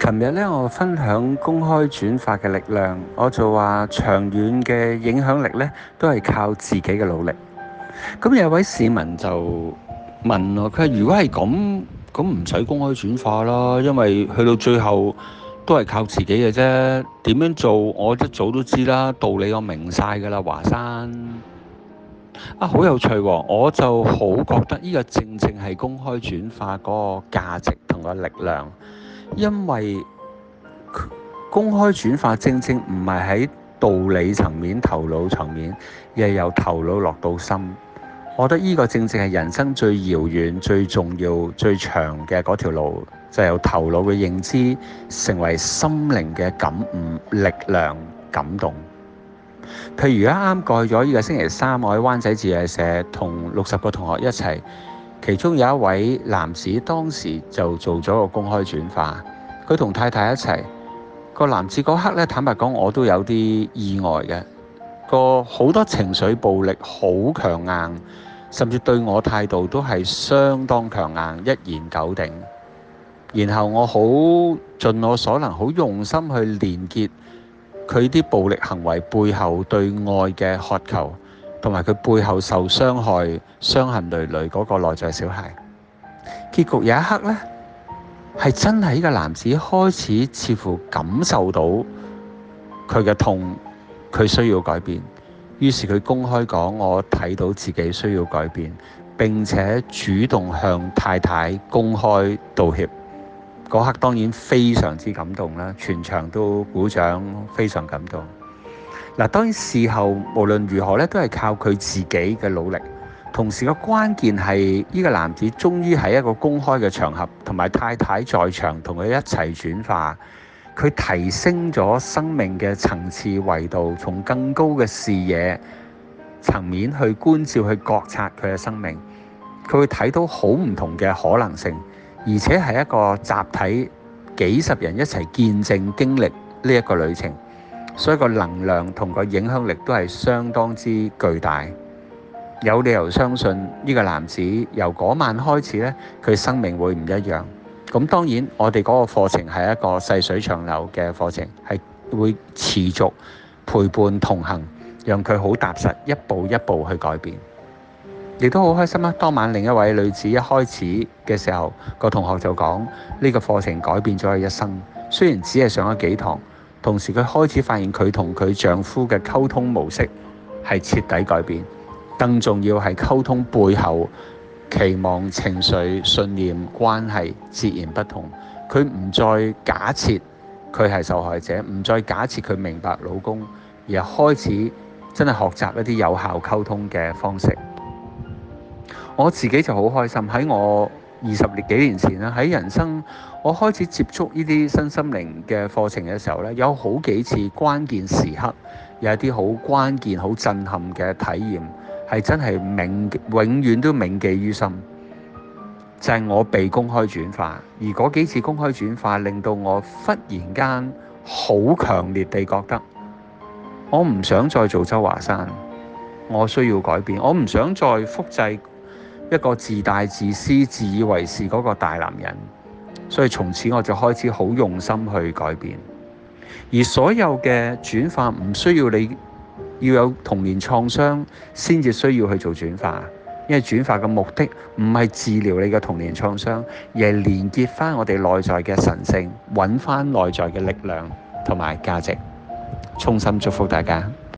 琴日咧，我分享公開轉化嘅力量，我就話長遠嘅影響力咧，都係靠自己嘅努力。咁有位市民就問我：佢話如果係咁，咁唔使公開轉化啦，因為去到最後都係靠自己嘅啫。點樣做？我一早都知啦，道理我明晒㗎啦，華山：「啊，好有趣喎、哦！我就好覺得呢個正正係公開轉化嗰個價值同個力量。因為公開轉化正正唔係喺道理層面、頭腦層面，而係由頭腦落到心。我覺得呢個正正係人生最遙遠、最重要、最長嘅嗰條路，就係由頭腦嘅認知成為心靈嘅感悟、力量、感動。譬如而家啱過去咗呢個星期三，我喺灣仔自在社同六十個同學一齊。其中有一位男子當時就做咗個公開轉化，佢同太太一齊。個男子嗰刻咧，坦白講，我都有啲意外嘅。個好多情緒暴力好強硬，甚至對我態度都係相當強硬，一言九鼎。然後我好盡我所能，好用心去連結佢啲暴力行為背後對愛嘅渴求。同埋佢背後受傷害、傷痕累累嗰個內在小孩，結局有一刻呢，係真係呢個男子開始似乎感受到佢嘅痛，佢需要改變，於是佢公開講：我睇到自己需要改變，並且主動向太太公開道歉。嗰刻當然非常之感動啦，全場都鼓掌，非常感動。嗱，當然事後無論如何咧，都係靠佢自己嘅努力。同時個關鍵係，呢個男子終於喺一個公開嘅場合，同埋太太在場，同佢一齊轉化。佢提升咗生命嘅層次、維度，從更高嘅視野層面去觀照、去覺察佢嘅生命。佢會睇到好唔同嘅可能性，而且係一個集體，幾十人一齊見證、經歷呢一個旅程。所以個能量同個影響力都係相當之巨大，有理由相信呢個男子由嗰晚開始呢，佢生命會唔一樣。咁當然，我哋嗰個課程係一個細水長流嘅課程，係會持續陪伴同行，讓佢好踏實一步一步去改變。亦都好開心啊！當晚另一位女子一開始嘅時候，個同學就講呢個課程改變咗佢一生，雖然只係上咗幾堂。同時，佢開始發現佢同佢丈夫嘅溝通模式係徹底改變，更重要係溝通背後期望、情緒、信念、關係截然不同。佢唔再假設佢係受害者，唔再假設佢明白老公，而開始真係學習一啲有效溝通嘅方式。我自己就好開心，喺我，二十年幾年前啦，喺人生我開始接觸呢啲新心靈嘅課程嘅時候咧，有好幾次關鍵時刻，有一啲好關鍵、好震撼嘅體驗，係真係銘永遠都銘記於心。就係我被公開轉化，而嗰幾次公開轉化令到我忽然間好強烈地覺得，我唔想再做周華山，我需要改變，我唔想再複製。一個自大、自私、自以為是嗰個大男人，所以從此我就開始好用心去改變。而所有嘅轉化唔需要你要有童年創傷先至需要去做轉化，因為轉化嘅目的唔係治療你嘅童年創傷，而係連結翻我哋內在嘅神性，揾翻內在嘅力量同埋價值。衷心祝福大家。